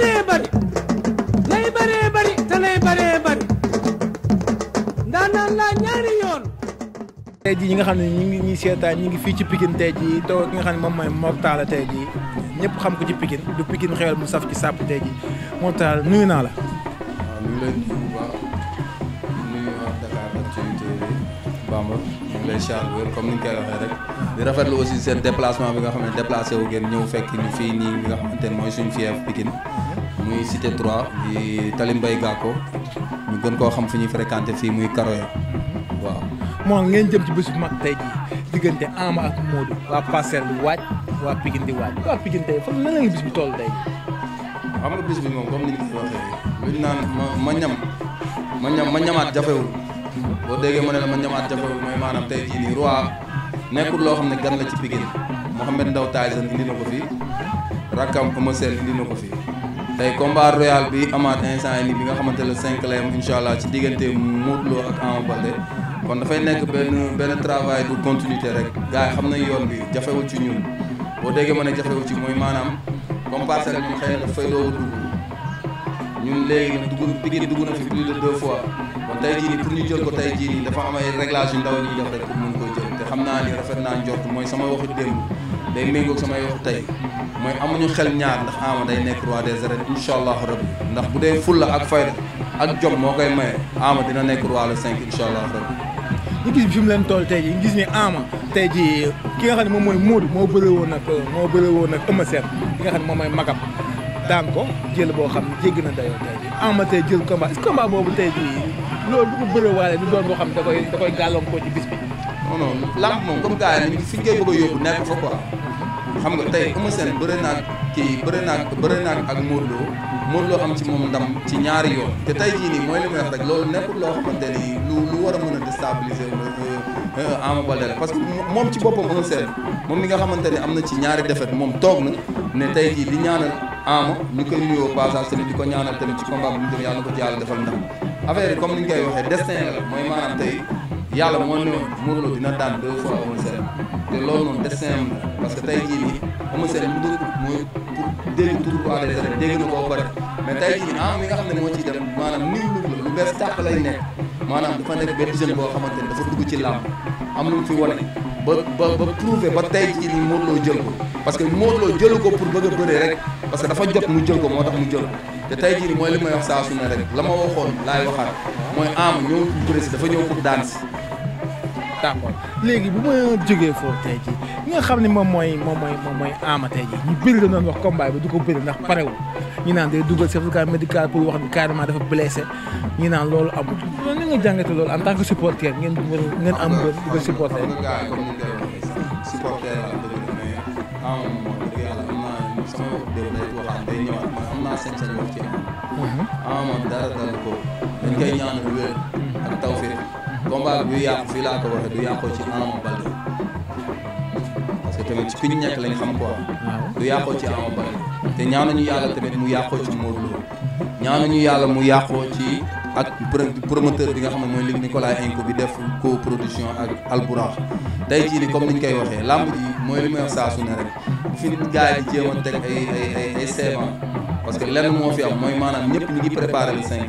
lay bëree bëri te lay bëree bëri ndaanaan laa ñaari yoon tey jii ñi nga xam ne ñi ngi ñuy seetaan ñi ngi fii ci Pikine tey jii toog ki nga xam ne moom mooy Mor Talla tey jii xam ko ci Pikine du Pikine xewal mu saf ci sàpp tey jii Mor nuyu naa la comme ni di rafetlu aussi seen déplacement bi nga xam ne déplacé wu ngeen ñëw fekk ñu fii nii nga xamante ne mooy suñu fief Pikine muy cité 3 di Tali Mbaye Gàkko ñu gën koo xam fi ñuy fréquenté fii muy karoy waaw moo ngeen jëm ci bés bu mag tey jii diggante Ama ak Modou waa Parcelles di waaj waa Pikine di waaj waa Pikine tey fa nan la bis bi toll tey xam nga bis bi moom comme ni ko waxee luñ naan ma ñam ma ñam ma ñamaat jafewul boo déggee ma ne la ma ñamaat jafewul mooy maanaam tey jii nii roi nekkul loo xam ne gan la ci Pikine Mouhamed Ndaw Tyson indi na ko fi rakkam Eumeu Sène indi na ko fi tey combat royal bi amaat instant yi nii bi nga xamante ne cinq la yam incha allah ci diggante Modou Lo ak Ama Baldé kon dafay nekk benn benn travail continuité rek gars xam nañ yoon bi jafewul ci ñun boo déggee ma ne jafewul ci mooy maanaam comme parcelle ñun xëy na dafay doogu dugg ñun léegi dugg Pikine dugg na fi plus de deux fois kon tey jii xam naa ni rafet naa njort mooy sama waxu démb day méngoog samay waxu tey mooy amuñu xel ñaar ndax Ama day nekk roi des arènes incha allahu rabbi ndax bu dee fulla ak fayda ak jom moo koy maye Ama dina nekk roi le cinq incha allahu rabbi ñu gis fi mu leen toll tey jii ñu gis ni Ama tey jii ki nga xam ne moom mooy Modou moo bëre woon nag moo bëre woon nag Eumeu Sène ki nga xam ne moom mooy magam daan ko jël boo xam ne jégg na dayoo tey jii Ama tey jël combat combat boobu tey jii loolu du ko bëre waale du doon boo xam ne da koy da koy gàllankoor ci bis bi non non lamb moom comme gars yi nag fi ñu koy bëgg a yóbbu nekk fa quoi. xam nga tey Eumeu Sène bëre naag kii bëre naag bëre naag ak ci ñaari yoon te tey jii nii mooy li may wax rek loolu nekkul loo xamante ni lu lu war a mën a euh, moom ci boppam Eumeu Sène moom mi nga xamante ni am na ci ñaari défaite moom toog na ne tey jii di ñaanal Ama ñu koy nuyoo passage tamit di ko ñaanal tamit ci combat bu mu jëm yàlla na ko ci yàlla defal ndam affaire comme ni ñu koy waxee destin la yàlla moo ne Modou Lo dina daan deux fois Eumeu te loolu noonu destin parce que tey jii nii Eumeu Sène mu mooy pour dégg tur bu dégg na koo pare mais tey jii nii ah mi nga xam ne moo ciy dem maanaam nii boo xamante ne dafa dugg ci làmb am lu mu fi ba ba ba prouvé ba parce que Modou Lo jël ko pour bëgg a bëre que dafa jot mu jël ko moo tax te tey mooy li may wax saa su rek la ma waxoon laay waxaat mooy am ñëw pour bëre si dafa ñëw pour daan si d'accord léegi bu ma jógee foofu tey jii ñi nga xam ne moom mooy moom mooy moom mooy Ama tey jii ñu bëri la doon wax combat bi du ko bëri ndax parewul ñu naan day dugal certificat médical pour wax ni carrément dafa blessé ñu naan loolu amul loolu ni nga jàngate loolu en tant que supporter ngeen ngeen am mbër di ko supporter sama ah, wax dëgg day waxaat day ñëwaat man am naa sañ-sañ wax ci am. Mhm. ah man dara dara ko. dañ koy ñaanal wér. ak tawfeex. combat bi du yàqu fii laa ko waxee du yàqoo ci Ama Baldé parce que tamit ci ku nekk lañ xam quoi. du yàqoo ci Ama Baldé te ñaanu ñu yàlla tamit mu yàqoo ci Modou Lo ñaanu ñu yàlla mu yàqoo ci ak promoteur bi nga xam ne mooy ni ko Nicolaï Inco bi def coproduction ak Alburax tey jii ni comme niñ koy waxee làmb ji mooy li may wax saa su ne rek bu fi gars yi di jéem a teg ay ay ay ay parce que lenn moo fi am mooy maanaam ñëpp ñu ngi préparé le cinq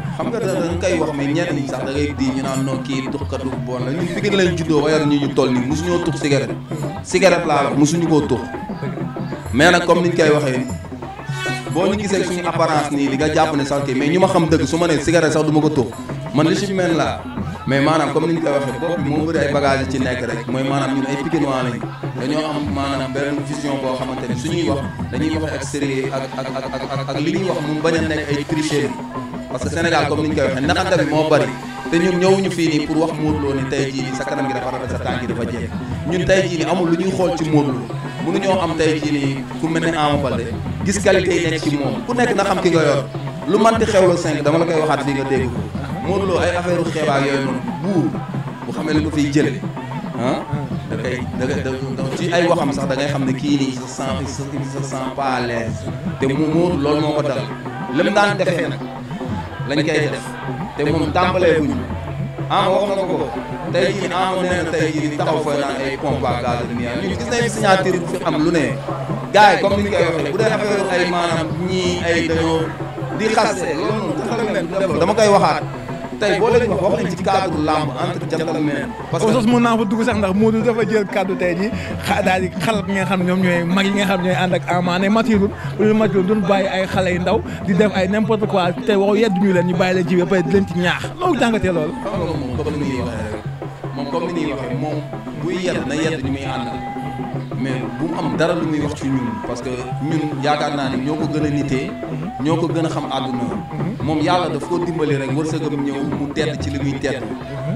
xam nga da nga koy wax mais ñenn ñi sax da ngay di ñu naan noonu kii tuxkatu bon la ñun Pikine lañ juddoo ba yar ñu toll nii mosuñoo tux cigarette cigarette laa wax mosuñu koo tux mais nag comme niñ koy waxee boo ñu gisee suñu apparence sax kii mais ñu ma xam dëgg su ma nee cigarette sax du ma ko tux man li ci mel laa waxee bopp bi moo bëri ay bagages ci nekk rek mooy maanaam ñun ay Pikinois lañ dañoo am maanaam benn vision boo xamante ne suñuy wax dañuy wax extérieur ak ak ak ak ak li ñuy wax mu bañ a nekk ay tricherie parce que Sénégal comme ni ñu koy waxee naxante bi moo bari te ñun ñëwuñu fii nii pour wax Modou Lo ni tey jii nii sa kanam gi dafa rafet sa tànk dafa jeex ñun tey jii nii amul lu ñuy xool ci Modou Lo mënuñoo am tey jii nii ku mel ne Ama Baldé gis qualité yi nekk ci moom ku nekk na xam ki nga yor lu manti xewlo 5 dama la koy waxaat fii nga dégg ko Modou Lo ay affaire u xeebaa yooyu noonu buur bu xamee li ko fiy jëlee ah da koy da da ci ay waxam sax xam ne kii nii sa sent sa sa sent pas lañ koy def mhm. te moom tàmbalee buñu ama wax na ko ko tey jii ama nee na tey jii taxaw fa naan ay pompe à gaz de nia ñun gis bu fi am lu ne gars yi comme ni ñu koy waxee bu dee affaire ay maanaam ñii ay dañoo di xaste loolu dama koy waxaat tey boo leen wax wax nañ ci cadre entre gentleman parce que sos mën naa fa dugg sax ndax Modou dafa jël kaddu tey ji xa daal di xam ñoom ñooy mag yi nga xam ne ñooy ànd ak Ama ne matirul lu matirul duñ bàyyi ay xale yu ndaw di def ay n'importe quoi tey waxu yeddu ñu leen ñu bàyyi leen ji ba pare di leen ci ñaax loolu jàngatee loolu ah, comme ni ñuy waxee moom buy yedd na yedd ñu muy àndal mais bu am dara lu muy wax ci ñun parce que ñun yaakaar naa ne ñoo ko gën a nitee ñoo ko gën a xam àdduna moom yàlla daf koo dimbali rek wërsëgam ñëw mu tedd ci li muy tedd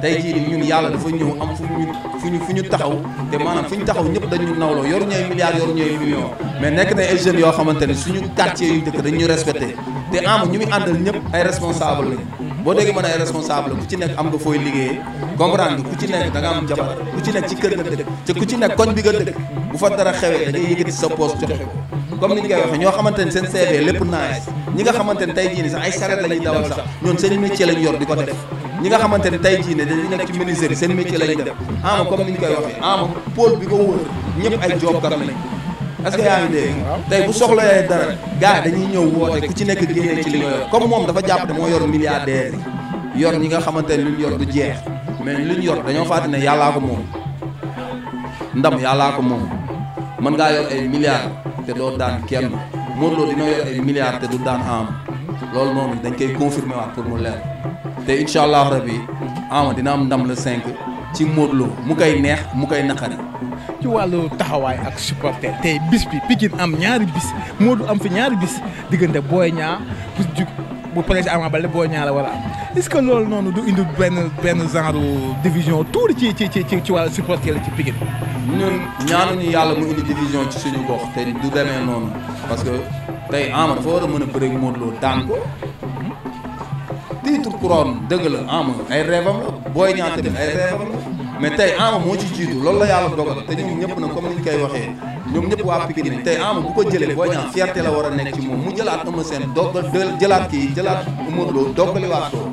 tey jii ni ñun yàlla dafa ñëw am fu ñu fu ñu fu ñu taxaw te maanaam fu ñu taxaw ñëpp dañu nawloo yoru ñooy milliards yoru ñooy millions mais nekk na ay jeunes yoo xamante ne ñu quartier yu dëkk dañu respecté te am ñu muy àndal ñëpp ay responsable lañ boo déggee mën ay responsable ku ci nekk am nga fooy liggéeyee comprendre nga ku ci nekk da am jabar ku ci nekk ci kër nga dëkk te ku ci nekk koñ bi nga dëkk bu fa dara xewee da ngay sa poste joxe ko comme ni ñu koy waxee ñoo xamante ne seen CV lépp nice ñi nga xamante ne tey jii sax ay saret la ñuy sax ñoom seen métier lañ yor di ko def ñi nga xamante ne tey jii ne dañu nekk ci ministère seen métier lañ def ama comme ni ñu koy waxee ama est que yaa ngi dégg tey bu soxlawee dara gars yi dañuy ñëw woote ku ci nekk génne ci li nga comme moom dafa jàpp ne moo yor milliardaire yi yor ñi nga xamante ne luñ yor du jeex mais luñ yor dañoo fàtte ne yàllaa ko moom ndam yàllaa ko moom mën ngaa yor ay milliards te doo daan kenn Modou Lo dina yor ay milliards te du daan am loolu noonu dañ koy confirmé waat pour mu leer te incha allah rabi ama dina am ndam la 5 ci Modou Lo mu koy neex mu koy naqari ci wàllu taxawaay ak supporter tey bis bi Pikine am ñaari bis Modou am fi ñaari bis diggante Boy Niang bu jug bu projet Ama Baldé Boy Niang la war a am est-ce que loolu noonu du indi benn benn genre division tuuti ci ci ci ci wàllu supporter la ci Pikine. ñun ñaanuñu yàlla mu indi division ci suñu gox te du demee noonu parce que tey Ama dafa war a mën a bëre ak Modou Lo daan ko. Hmm? titre couronne dëgg la Ama ay rêvam la Boy Niang tamit ay rêvam la. mais tey Ama moo ci jiitu loolu la yàlla dogal te ñoom ñëpp na comme ni ñu koy waxee ñoom ñëpp waa Pikine tey Ama bu ko jëlee Boy Niang fierté la war a nekk ci moom mu jëlaat Eumeu Sène doggal jëlaat kii jëlaat Modou Lô doggaliwaat ko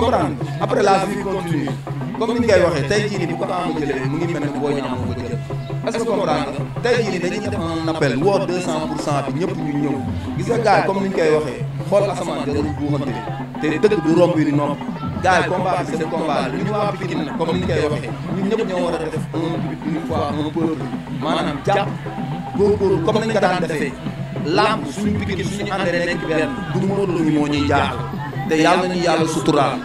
comprendre après la vie continue comme ni ñu jii nii bu ko Ama jëlee mu ngi mel ne Boy Niang moo ko jëlee est-ce que comprendre jii nii dañuy def un appel woo pour cent bi ñëpp ñu ñëw gis nga gars yi gars yi combat bi seen combat la ñu waa Pikine nag comme ni ñu koy waxee ñun ñëpp ñoo war a def un but une fois un peuple maanaam jàpp góorgóorlu comme nañ ko daan defee làmb suñu Pikine suñu àndee nekk benn du Modou Lo moo ñuy jaaxal te yàlla nañu yàlla suturaal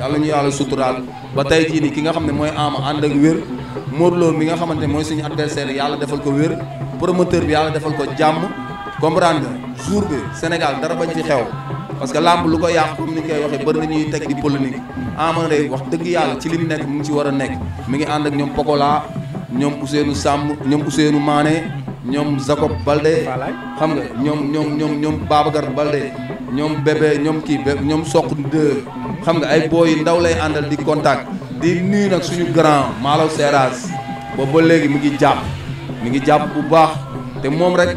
yàlla ñu yàlla suturaal ba tey jii nii ki nga xam ne mooy Ama ànd ak wér Modou Lo mi nga xamante ne mooy suñu adversaire yàlla defal ko wér promoteur bi yàlla defal ko jàmm comprendre jour bi Sénégal dara bañ ci xew parce que làmb lu ko yàq comme ni koy waxee bëri na ñuy teg di polémique Ama ah, day wax dëgg yàlla ci li mu nekk mu ngi ci war a nekk mu ngi ànd ak ñoom Pokola ñoom Ousseynou sàmm ñoom Ousseynou Mané ñoom Jacob Balde xam nga ñoom ñoom ñoom ñoom Babacar Balde ñoom bébé ñoom kii bé ñoom soq deux xam nga ay booy ndaw lay àndal di contact di nuyu nag suñu grand Malaw Seras boobu ba léegi mi ngi jàpp mi ngi jàpp bu baax te moom rek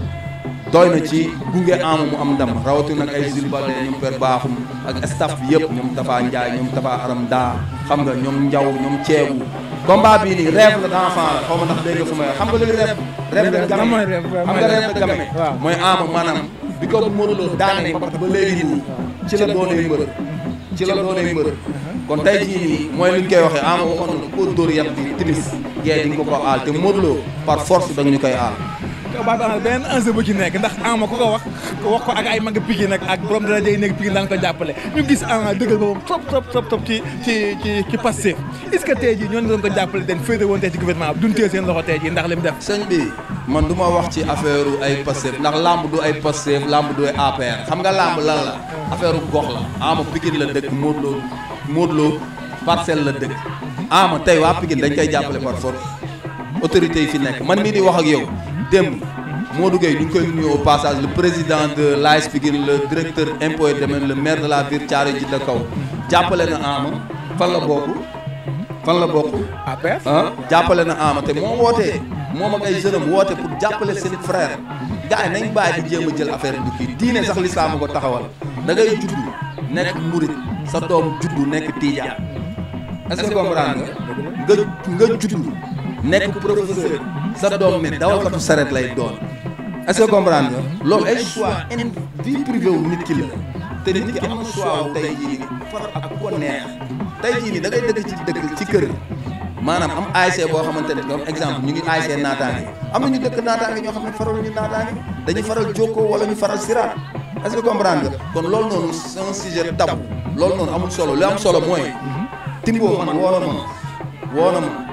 doy na ci gunge am mu am ndam rawatina nag ay Zilbalde ñoom per baaxum ak staff bi yëpp ñoom Tafa Ndiaye ñoom Tafa Aram daa xam nga ñoom Njaw ñoom ceebu combat bii nii rêve la d'enfant la xaw ma ndax dégg fu may xam nga luy rêve rêve de game xam nga ba léegi nii ci la doonee mbër ci la doonee mbër kon tey jii nii mooy luñ koy waxee ama waxoon na ko dóor yat bi timis gee di ko ko aal te Modou par force da ñu koy aal combat bi am na beneen bu ci nekk ndax ama ku ko wax wax ko ak ay mag pigi nag ak borom dara jay nekk pigi daan ko jàppale ñu gis ama dëggal boppam trop trop ci ci ci ci passé est-ce que tey jii doon ko jàppale den féete woon tey ci gouvernement bi duñ tee seen loxo tey mu def sëñ bi man du ma wax ci affaire ay Pastef ndax lamb du ay Pastef lamb du ay APR xam nga lamb lan la affaire u gox la ama Pikine la dëkk Modou Lo Modou Lo parcelle la dëkk ama tey waa Pikine dañ koy jàppale par force autorité yi fi nekk man mii di wax ak yow démb. moo duggee ñu ngi koy nuyu au passage le président de l'AS Pikine le directeur impôt et domaine le maire de la ville Thiaroye Djidda Kaw jàppale na Ama fan la bokk fan la bokk APR ah, jàppale na Ama te moo wootee moom ak ay jeunes woote pour jàppale seen frère gars yi bàyyi di jéem a jël affaire bi kii diine sax lislaam ko taxawal da ngay judd nekk murit sa doom juddu nekk tiijaan est-ce nga nga nga nekk professeur sa doom ne dawalkatu saret lay doon est-ce que comprendre nga loolu ay choix en vie privée nit ki la te nit ki am na choix wu tey jii nii far ak ku ko neex tey jii nii da ngay dëkk ci dëkk ci kër maanaam am ASC boo xamante ne comme exemple ñu ngi ASC naataange am na ñu dëkk naataange ñoo xam ne faral ñu naataange dañuy faral jokkoo wala ñu faral siraat est-ce kon loolu noonu c'est un sujet tabou loolu noonu amul solo li am solo mooy timboo man woona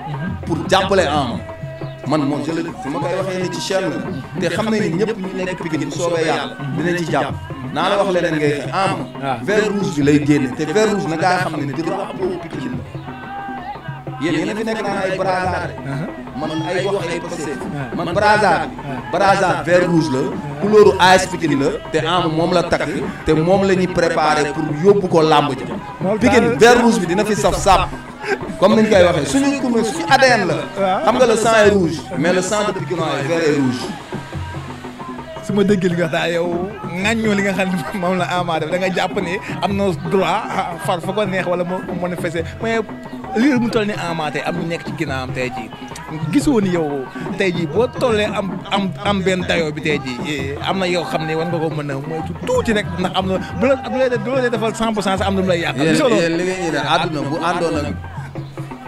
pour jàppale Ama man moo je le su ma koy waxee ni ci chaîne la te xam nañ ñëpp ñu nekk Pikine bu soobee yàlla dinañ ci jàpp naa la wax leneen ngay Ama ah. vert rouge bi lay génne te vert rouge na ngaa xam ne drapeau Pikine la yéen yéen a fi nekk naan ay brassard ah. man ay wax ay passé ah. man brassard bi brassard vert rouge la couleur AS Pikine la te Ama moom la takk te moom la ñuy préparé pour yóbbu ko làmb ja Pikine vert rouge bi dina fi saf sàpp comme nañ koy waxee suñu couleur suñu ADN la. xam nga le sang est rouge. mais la sang de Pikinois est vert et rouge. su ma déggee li nga xam ne moom la Ama da nga jàpp ne am na droit far fa ko neex wala mu manifester mais mu toll ni Ama nekk ci ginnaawam tey jii gisoo ni yow tey jii boo tollee am am am benn dayoo bi tey jii eh, am na yoo xam ne war nga ko mën a moytu tuuti rek ndax am na bu la bu la defal 100 pour cent am na lu lay yàq. gisoo loolu bu àndoon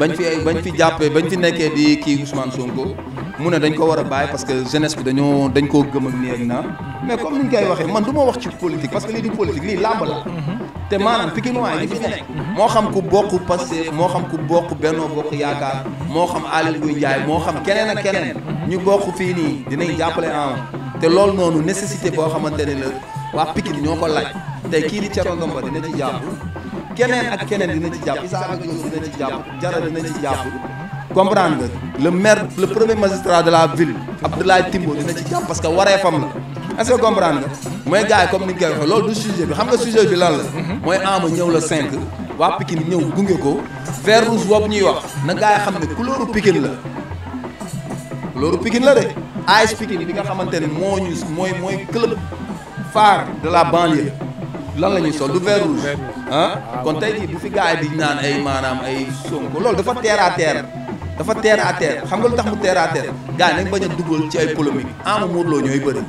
bañ fi bañ fi jàppee bañ fi nekkee di kii Ousmane Sonko mu ne dañ ko war a bàyyi parce que jeunesse bi dañoo dañ koo gëm ak nii ak naa mais comme ni ñu koy waxee man du wax ci politique parce que lii di politique lii làmb la. te maanaam Pikinois yi fi nekk. moo xam ku bokk Pastef moo xam ku bokk Benno Bokk Yaakaar moo xam Aly Ngouille Ndiaye moo xam keneen ak keneen ñu bokk fii nii dinañ jàppale en te loolu noonu nécessité boo xamante ne la waa Pikine ñoo ko laaj tey kii di Thierno Ngom ba dina ci jàpp. keneen ak keneen dina ci jàpp isaa ak Diop dina ci jàpp Jara dina ci jàpp comprendre nga le maire le premier magistrat de la ville Abdoulaye Timbo dina ci jàpp parce que waree fam la est-ce que comprendre nga mooy gars yi comme ni nga koy loolu du sujet bi xam nga sujet bi lan la mooy Ama ñëw la cinq waa pikin ñëw gunge ko vert rouge boobu ñuy wax na gars yi xam ne couleur pikin la couleur pikin la de AS pikin bi nga xamante ne moo ñu mooy mooy club phare de la banlieue lan la ñuy sol du vert rouge ah kon tey jii bu fi gars yi di naan ay maanaam ay Sonko loolu dafa terre à terre dafa terre à xam nga lu tax mu terre à terre gars yi nañ bañ a dugal ci ay polémique Ama Modou Lo ñooy bëri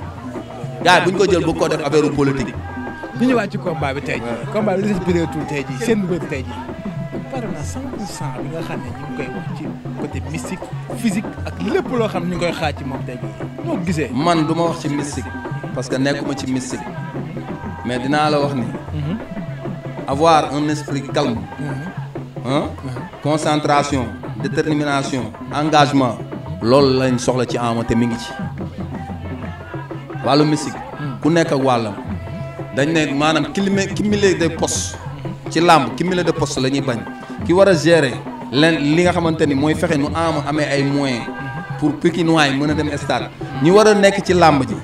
gars bu ñu ko jël bu ko def affaire politique. ñu ñëwaat ci combat bi tey bi li des bëreetul tey jii seen mbër tey jii. pare na bi ñu koy wax ci côté mystique physique ak lépp loo xam ne ñu koy xaaj ci moom tey jii moo gisee. man du ma wax ci mystique parce que nekkuma ci mystique mais dinaa la wax ni. Mhm. avoir un esprit calme, -hmm. hein? Mhm. concentration, détermination, engagement. loolu lañ soxla ci Ama te mi ngi ci wàllu musique mhm. ku nekk ak wàllam dañ ne maanaam cumulé de poste ci làmb cumulé de poste la ñuy bañ ki war gérer leen li nga xamante ni mooy fexe nu Ama amee ay moyens mhm. pour Pikinois yi mën a dem stade ñu war a nekk ci làmb ji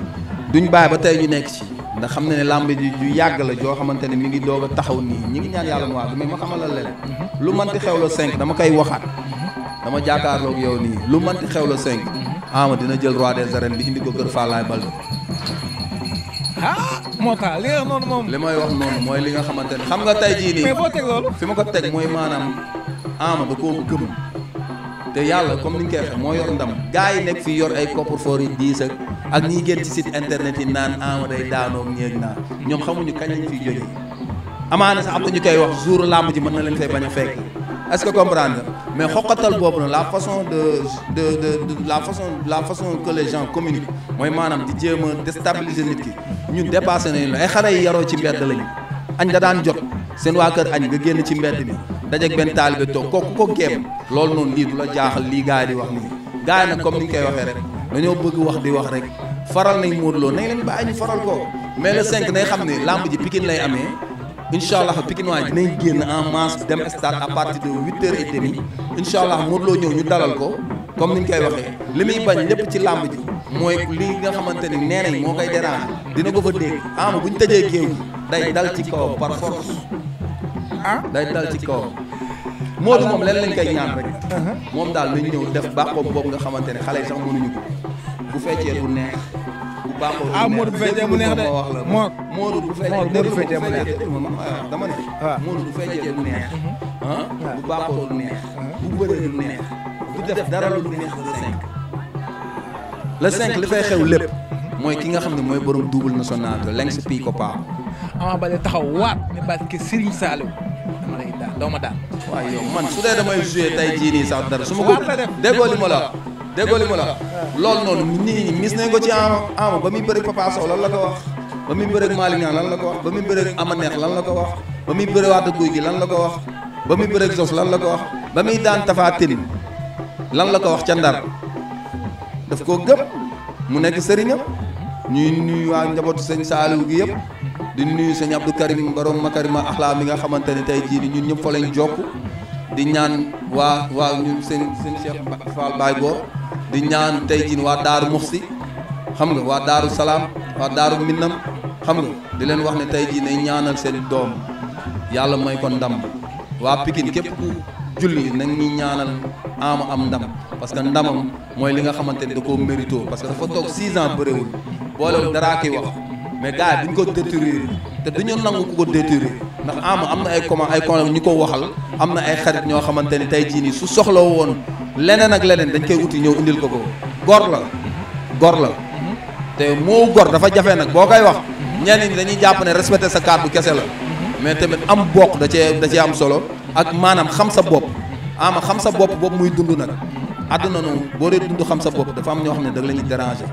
duñ bàyyi ba tey ñu nekk ci. ndax xam na ne làmb ji ju yàgg la joo xamante ne mi ngi doog a taxaw nii ñi ngi ñaan yàlla mu waag mais ma xamal la leen mhm. lu manti xew la cinq dama koy waxaat mhm. dama jaakaarloog yow nii lu manti xew la cinq mhm. ama dina jël roi des arènes bi indi ko kër Fallaye Balde ah moo tax li nga li may wax noonu mooy li nga xamante ne xam nga tey jii nii mais boo fi ma ko teg mooy maanaam ama da koo gëm te yàlla comme ni ñu koy waxee moo yor ndam gars yi nekk fi yor ay coffre-fort yi diis ak ñiy génn ci site internet yi naan ama ah, day daanoog ñeeg naa ñoom xamuñu kañ lañ fiy jógee amaana sax am na ñu koy wax jour làmb ji mën na leen fay bañ a fekk est-ce que comprendre mais xoqatal boobu na la façon de de de la façon la façon que les gens mooy maanaam di jéem a déstabiliser nit ki ñun dépassé nañu la ay xare yi yaroo ci mbedd lañu añ da daan jot seen waa kër añ nga génn ci mbedd bi dajeeg benn taalibe toog kooku ko géem loolu noonu lii la jaaxal lii gars yi wax nii gars yi comme ni ñu koy waxee rek dañoo bëgg wax di wax rek faral nañ Modou Lo nañ leen ba ñu faral ko mais le 5 nay xam ne làmb ji Pikine lay amee incha allah Pikine waa dinañ génn en masse dem stade à partir de huit heures et demi allah Modou Lo ñëw ñu dalal ko comme ni ñu koy waxee li muy bañ lépp ci làmb ji mooy lii nga xamante ni nee nañ moo koy déranger dina ko fa dégg ama ah bu ñu tëjee géew gi day dal ci kaw par force ah day dal ci kaw Modou moom leen lañ koy ñaan rek uh-huh. moom daal nañ ñëw def baaxoom boobu nga xamante ne xale yi sax bu feccee bu neex. bu baaxoo bu neex dama ne. waaw Modou bu feccee bu neex. bu baaxoo bu neex. Ah. bu bëree bu neex. bu def dara lu neex le cinq. le cinq li fay xew lépp. mooy ki nga xam ne mooy borom double nationalité lengs pii ko paa. Ama taxaw waat ne barke Serigne Saliou dama lay daan doo ma daan. waaw yow man su dee damay joué tey jii nii sax dara su ma ko déggoo li ma la degoli mo la lol non nit ni mis nañ ko ci am am ba mi bëri Papa so lan la ko wax ba mi bëri malik ñaan lan la ko wax ba mi bëri ama neex lan la ko wax ba mi beure waata guy gi lan la ko wax ba mi bëri Zos lan la ko wax ba mi daan Tapha lan la ko wax ci Ndar daf ko gëm mu nekk serigne ñuy nuy wa njabot sëñ salu gi yeb di nuy sëñ Abdou Karim borom makarima akhla mi nga xamanteni tay ji jii ñun ñep fa lañ jokk di ñaan wa wa ñun sëñ sëñ Cheikh Fall Baye Gor di ñaan tey jii waa daaru Muxti xam nga waa daaru Salaam waa daaru Minnam xam nga di leen wax ne tey jii nay ñaanal seen doom yàlla may ko ndam waa Pikine képp ku julli nag ñuy ñaanal ama am ndam parce que ndamam mooy li nga xamante ne da koo mérito parce que dafa toog 6 ans bëréwul boolewul daraa ki wax mais gars yi duñ ko détruire te duñu nangu ku ko détruire ndax ama am na ay comment ay comment ñu ko waxal am na ay xarit ñoo xamante ne tey jii nii su soxla woon leneen ak leneen dañ koy uti ñëw indil ko ko gor la gor la te moo gor dafa jafe nag boo koy wax ñenn ñi dañuy jàpp ne respecté sa kàddu kese la mais tamit am bokk da cee da cee am solo ak maanaam xam sa bopp ama ah xam sa bopp boobu muy dund nag àdduna noonu boo dee dund xam sa bopp dafa am ñoo xam ne da la ñuy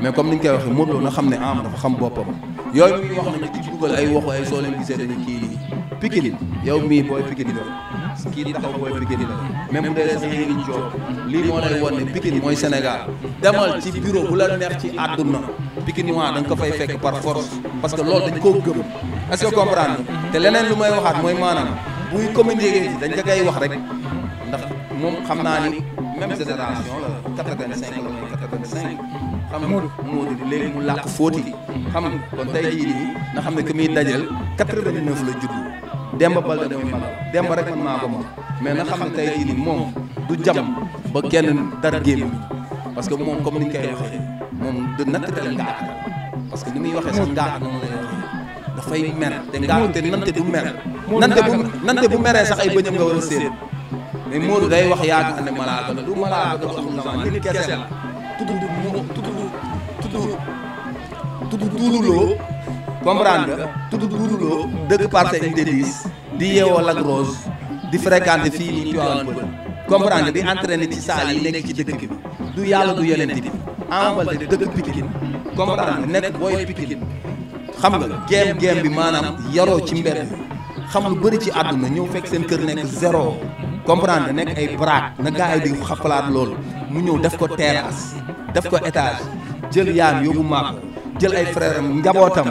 mais comme ni ñu koy waxee Modou Lo na xam ne am ah dafa xam boppam yooyu muy wax nañu di ci dugal ay waxu ay soo leen gisee dañu kii nii Pikine yow mii booy Pikine la kii taxaw booy Pikine la même bu dee sax ñu ngi lii moo lay wan ne Pikine mooy Sénégal demal ci bureau bu la neex ci àdduna Pikine waa da ko fay fekk par force parce que loolu dañ koo gëm est-ce que comprendre te leneen lu may waxaat mooy maanaam buy communiquer dañ ko koy wax rek ndax moom xam naa ni même génération la xam nga Modou di léegi mu làkk fóoti xam nga kon tey jii na xam ne que muy dajal 89 la juddu demb Baldé mooy man Demba rek maa ko moom mais na xam ne tey nii moom du jam ba kenn dara géem parce que moom comme ni ñu koy waxee moom du nattale ngaak parce que ni muy waxee sax ngaak moom lay waxee dafay mer te ngaak te nante du mer nante bu nante bu meree sax ay bëñam nga war a séen mais Modou day wax yaakaar ne malaaka la du malaaka du amul zaman nit kese la tudd tudd tudd tudd tudd comprendre nga tudd duduloo dëkk Parcelles Unité 10 di yeewoo Lac di fréquenté fii nii Tivaouane Peulh comprendre di entraîné ci saal yi nekk ci dëkk bi du yàlla du yonent bi Ama Baldé dëkk Pikine comprendre nekk booy Pikine xam nga geem geem bi maanaam yaroo ci mbedd xam lu bëri ci àdduna ñëw fekk seen kër nekk zéro comprendre nekk ay braak na gars yi di xapalaat loolu mu ñëw def ko terrasse def ko étage jël yaam yóbbu maako jël ay frère am njabootam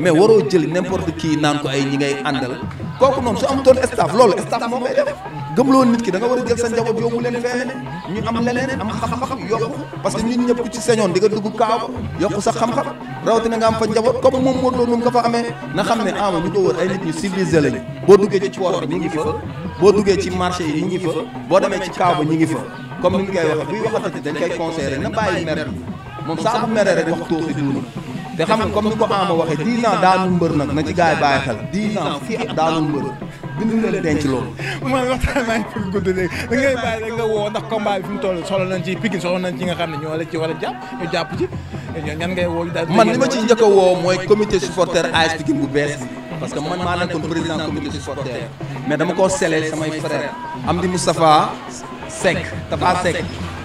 mais waro jël n'importe qui nan ko ay ñi ngay andal koku non su ton staff loolu staff mo may def lo nit ki da nga wara jël sa njaboot yóbbu leen feneen ñu am leneen am xam-xam yokku parce que ñun ñepp ci sañoon di nga dugg kaaw yokku sa xam-xam rawatina nga am fa njaboot comme mom mo do nu mu ko fa xamé na xamné am ah, ama ñu ko wër ay nit ñu civilisé lañ bo duggé ci port bi ñu ngi fa bo duggé ci marché yi ñi ngi fa bo démé ci kaw ba ñi ngi fa comme ñu koy wax buy waxatati dañ koy conseiller na bayyi mer mom sa bu rek wax tuuxi duuna te xam nga comme ni ko a waxee dix ans daanul mbër nag na ci gars yi bàyyi xel dix fii ak daanul mbër woo ndax combat bi fi mu toll soxla nañ ci Pikine soxla nañ ci nga xam ne ñoo la ci war a jàpp ñu jàpp ci ñan ngay woo daal man li ma ci njëkk a woo mooy comité supporter AS Pikine bu bees bi parce que man maa nekkoon président comité supporter mais dama koo sele samay frère Amdi Moustapha Seck Tafa Seck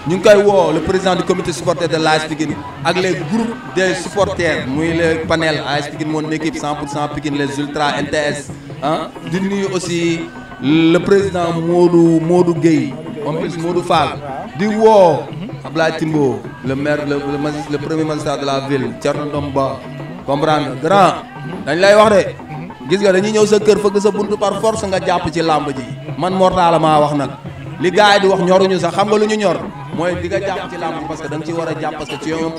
ñu ngi le président du comité supporter de l'AS Pikine ak les groupes des supporters nous le panel AS Pikine mon équipe 100 pour Pikine les ultras NTS ah hein. di nuyu aussi le président Modou Modou Gueye en plus Modou Fall di woo Ablaye Timbo le maire le le premier magistrat de la ville Thierno Ndomba comprendre grand dañ lay wax de gis nga dañuy ñëw sa kër fëgg sa buntu par force nga jàpp ci làmb ji man Mor Talla maa wax nag li gars yi di wax ñoruñu sax xam nga lu ñu ñor mooy di nga jàpp ci làmb parce que da nga ci war a jàpp parce que tu es un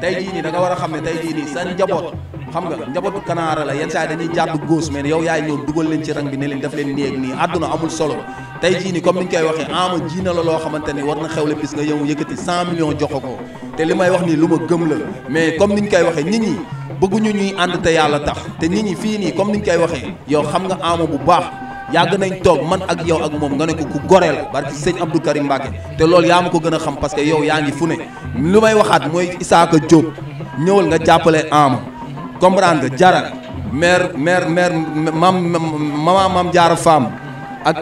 tey jii nii da war a xam ne tey jii nii sa njaboot xam nga njabootu kanaara la yenn saa yi dañuy jàdd góos mais yow yaay ñëw dugal leen ci rang bi ne leen daf leen nii ak nii àdduna amul solo tey jii nii comme ni ñu koy waxee ama ji na la loo xamante ni war na xewle bis nga yow yëkkati 100 millions jox ko te li may wax nii lu ma gëm la mais comme ni ñu koy waxee nit ñi bëgguñu ñuy ànd te yàlla tax te nit ñi fii nii comme ni ñu koy waxee yow xam nga ama bu baax yàgg nañ toog man ak yow ak moom nga ne ko ku gore la barki sëñ Abdou Karim Mbacke te loolu yaa ma ko gën a xam parce que yow yaa ngi fu ne lu may waxaat mooy Isaaka Diop ñëwal nga jàppale Ama comprendre nga jara maire maire maire mam mama mam jaara femme ak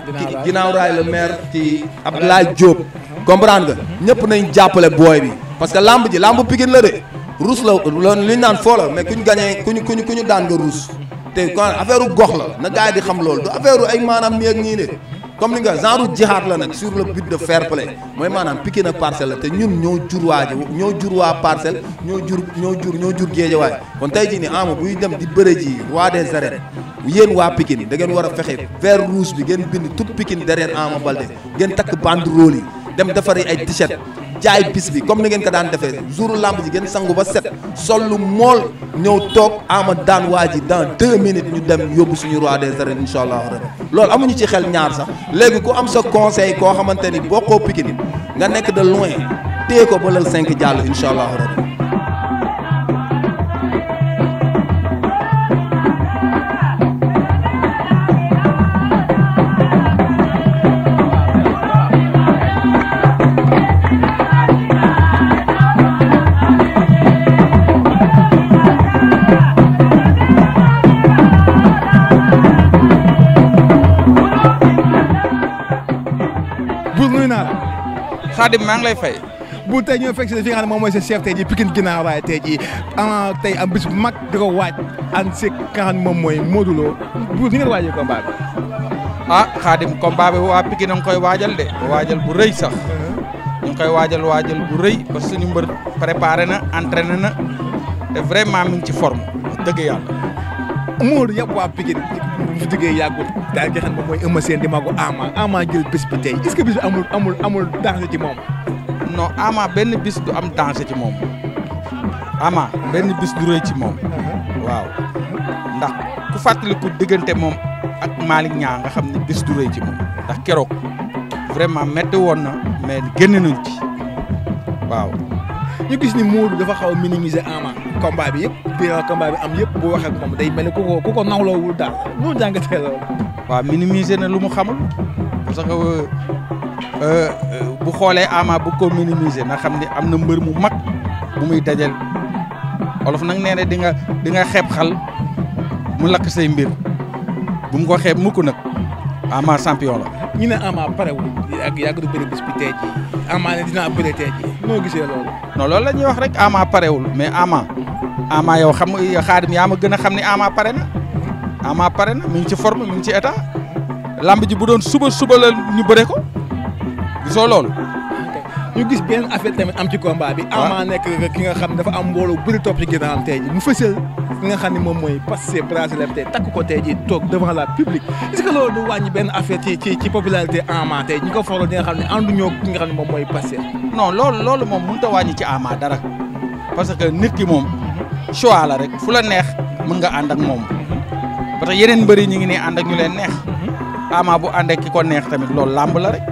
ginnaaw raay la maire ci Abdoulaye Diop comprendre nga ñëpp nañ jàppale booy bi parce que lamb ji lamb Pikine la de ruus la loolu li ñu naan foo mais ku ñu gañee ku ñu ku ñu ku ñu daan nga ruus te kon affaire gox la na gars yi di xam loolu du affaire ay maanaam nii ak ñii de comme ni nga genre jihaad la nag sur le but de fair play mooy maanaam Pikine ak Parcelles la te ñun ñoo jur waa ji ñoo jur waa Parcelles ñoo jur ñoo jur ñoo jur géejawaay kon tay jii ni ama buy dem di bëre ji roi des arènes yéen waa Pikine da ngeen war a fexe vert rouge bi ngeen bind tout Pikine derrière Ama Baldé ngeen takk banderole yi dem defari ay t-shirt jaay bis bi comme ni ngeen ko daan defee jouru lamb ji ngeen sangu ba set sol lu mool ñëw toog ama daan waa ji dans deux minutes ñu dem yóbbu suñu roi des arènes incha allah loolu amuñu ci xel ñaar sax léegi ku am sa conseil koo xamante ni bokkoo Pikine nga nekk de loin téye ko balal cinq jàll incha allah Khadim ma ngi lay fay. bu tay ñu fekk ci fi nga mooy sa chef tay ji Pikine ginnaaw raay tay ji am tay am bis mak diko waaj ànd si nga xam Lo bu ni ngeen waajee combat ah Khadim combat bi wa Pikine a ngi koy waajal de waajal bu reuy sax. Uh-huh. ñu ngi koy waajal waajal bu reuy ba suñu mbeur préparer na entraîner na te vraiment mi ngi ci forme deug yalla Modou yapp wa Pikine bu fi yagul daal nga xam moom mooy Eumeu seen di magu Ama Ama jël bis bi tey est-ce bis bi amul amul amul danger ci moom. non Ama benn bis du am danger ci moom Ama benn bis du rëy ci moom. Uh-huh. waaw ndax ku diggante moom ak Malick Niang nga xam ne bis du rëy ci ndax keroog vraiment métti woon na mais génn nañ ci waaw. ñu gis ni Modou dafa xaw a minimiser Ama combat bi yëpp biir combat bi am yëpp bu waxee ak moom day mel ni ku ko ku ko nawloowul daal ñoo jàngatee loolu. waaw minimiser na lu mu xamul parce que euh, euh, bu xoolee Ama bu ko minimiser na xam ni am na mbër mu mag bu muy dajal olof nag nee na di nga di nga xeeb xal mu lakk say mbir bu mu ko xeeb mukk nag Ama champion la. ñu ne Ama parewul ak yàgg du bëri bés bi tey jii Ama ne dinaa bëri tey jii loolu. non loolu la ñuy wax rek Ama parewul mais Ama Ama yow xam xaadim yaa ma gën a xam ni Ama pare na. Ama pare na mi ngi ci forme mi ngi ci état lamb ji bu doon suba suba la ñu bëre ko gisoo loolu. ñu gis benn affaire tamit am ci combat bi. Ah. Ama nekk ki nga xam dafa am mbooloo bëri topp ci ginnaawam tey ji mu fësal ki nga xam ne moom mooy passé bracelet tey takk ko te ji toog devant la public est-ce loolu du wàññi benn affaire ci ci ci popularité Ama tey ñi ko forol di nga xam ne ànduñoo ki nga xam ne moom mooy passé. non loolu lool moom mënut a wàññi ci Ama dara parce que nit ki moom mhm. choix rek fu la neex mën nga ànd moom. ba tax yeneen yi ñu ngi ne ànd ak ñu leen neex ama bu ànd ak ki ko neex tamit loolu làmb la rek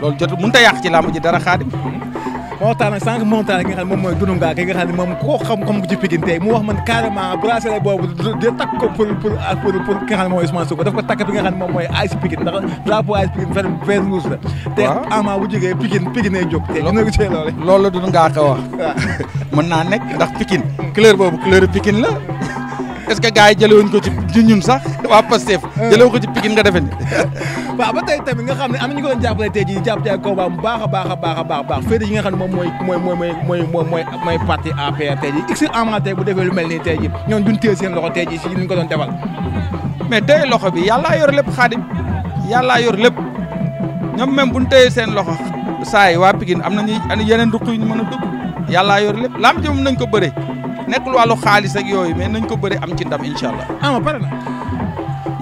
loolu jot mënut a yàq ci làmb ji dara xaadim waxtaan ak sànq moom taan moom mooy dunu ngaa ki nga xam ne moom koo xam xam ko ci Pikine tey mu wax man carrément bracelet boobu di takk ko pour pour pour ki nga xam ne bi nga xam ne moom mooy AS Pikine ndax drapeau AS Pikine vert vert la te Ama bu jógee Pikine Pikine jóg te gis la dunu ngaa ko wax mën naa nekk ndax Pikine couleur boobu couleur Pikine est-ce que gars yi jëlee wuñ ko ci ñun sax waa Pastef. Euh. jëlee ko ci Pikine nga defe ni. waaw ba tey tamit nga xam ne am nañu ko doon jàppale tey jii jàpp ci ay combat bu baax a baax a baax a baax féete yi nga xam ne moom mooy mooy mooy mooy mooy mooy parti APR tey jii bu defee lu seen loxo tey jii bi yàllaa am nañu yeneen ruq yu ñu mën a dugg yàllaa yor ji moom nañ nekkul wàllu xaalis ak yooyu mais nañ ko bëri am ci ndam incha allah. ama pare na.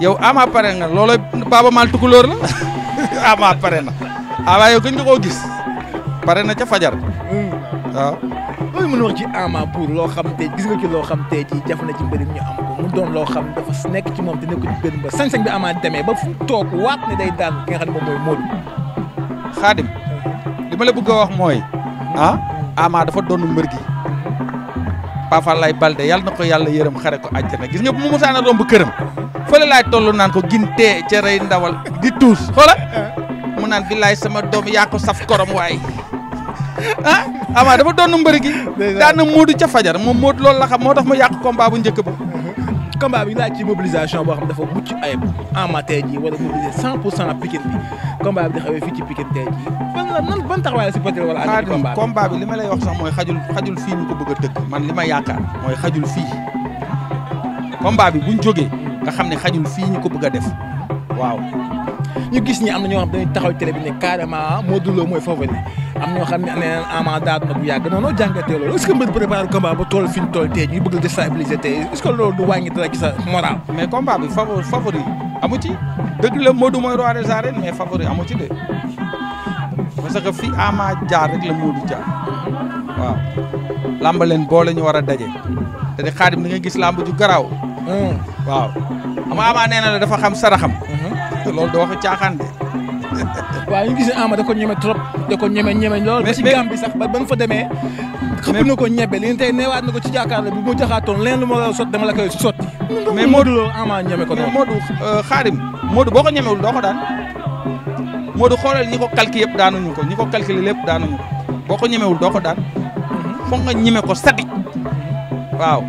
yow ama pare nga looloo Baaba Maal tukulóor la ama pare na ama yow gën nga koo gis pare na ca fajar. Hmm. waaw. loolu ci ama pour loo xam te gis nga ci loo xam te ci jafe na ci mbërim ñu am doon loo xam dafa nekk ci moom te nekkul ci benn ba sañ bi ama demee ba fu toog waat ne day daan ki nga xam ne moom mooy Modou. Xaadim hmm. li ma la bëgg a wax mooy ah hmm. ama dafa doon mbër gi. Pafalay Balde yàlla na ko yàlla yërëm xare ko àjjana gis nga bu mu musaana romb këram fële laay toll naan ko gintee ca ndawal di tuus xoola mu naan billaay sama doom yaa saf korom waay ah ama dafa doon mbëri gi daana Moodu ca fajar moom Moodu loolu la xam moo tax mu yàq combat bu njëkk ba combat bi laaj boo xam dafa mucc ayib en pour cent Pikine bi combat ci Pikine tey jii ban nan ban taxawaay la si peut wala. li ma lay wax sax mooy xajul xajul fii ñu ko bëgg a man li ma yaakaar mooy xajul fii combat bi bu jógee nga xam ne xajul fii ñu ko bëgg a def waaw. ñu gis ñi am na ñoo xam dañuy taxaw télé bi ne carrément Modou mooy favori am na ñoo xam ne am nañ Ama daanu na bu yàgg noonu noo jàngatee loolu est-ce que mbir préparé combat ba toll fi ñu toll tey a déstabiliser tey est-ce que loolu sa moral. mais combat bi favori la Modou mooy roi des arènes mais favori amu la ñu war a daje te di xaadim da nga gis làmb ju garaaw hmm. waaw ama Ama nee na la dafa xam saraxam hmm. te loolu doo ko caaxaan de. waaw ñu Ama da ko ñeme trop da ko ñeme ñeme lool. ba ci gàmm bi sax ba ba fa demee. xëpp na ko ñebe te ne neewaat na ko ci jàkkaarloo bu ma joxaatoon leneen lu ma la sotti dama la koy sotti. mais Modou Lo Ama ñeme ko noonu. mais Modou Xaadim euh, Modou boo ko ñemewul doo ko daan Modou xoolal ñi ko calculé yëpp daanuñu ko ñi ko calculé lépp daanuñu ko boo ko ñemewul doo ko daan foog nga ñeme ko sadi waaw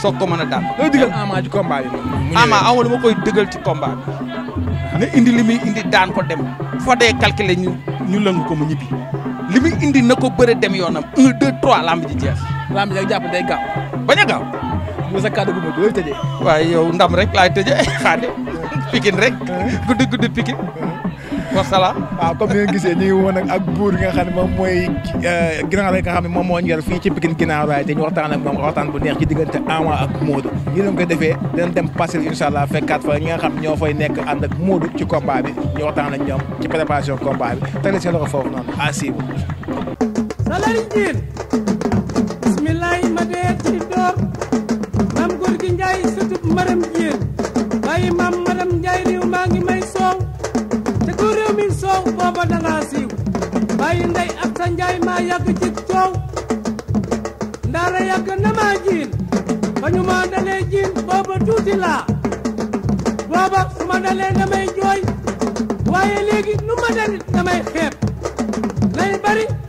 soog ko mën a daan. looy digal Ama ci combat yi. Ama amul ma koy dëgal ci combat na indi li muy indi daan ko dem foo dee calculer ñu ñu lëng ko mu ñibbi li muy indi na ko bëre dem yoonam 1 2 3 lamb ji jeex. lamb ji nag jàpp day gaaw. bañ a gaaw. Moussa Kaddu gu waaye yow ndam rek laay tëjee xaar Pikine rek. guddi guddi Pikine. Kostala waaw comme ni ngeen gisee ñu ak buur nga xam ne moom mooy euh, ginnaaw rek nga xam ne moom moo fii ci Pikine ginnaaw raay te ñu waxtaan ak moom waxtaan bu neex ci diggante Ama ak Modou ñi lañ koy defee dinañ dem passé incha allah nga xam ñoo fay nekk ak Modou ci combat bi ñu waxtaan ak ci préparation combat bi teg la seen loxo foofu noonu à suivre. booba danga siiw bàyyi ndey ak sa njaay maa yàgg ci coow ndaara yàgg na maa jiin ba dalee jiin booba tuuti laa booba su ma dalee damay jooy waaye léegi nu ma dalit damay xeeb lay bari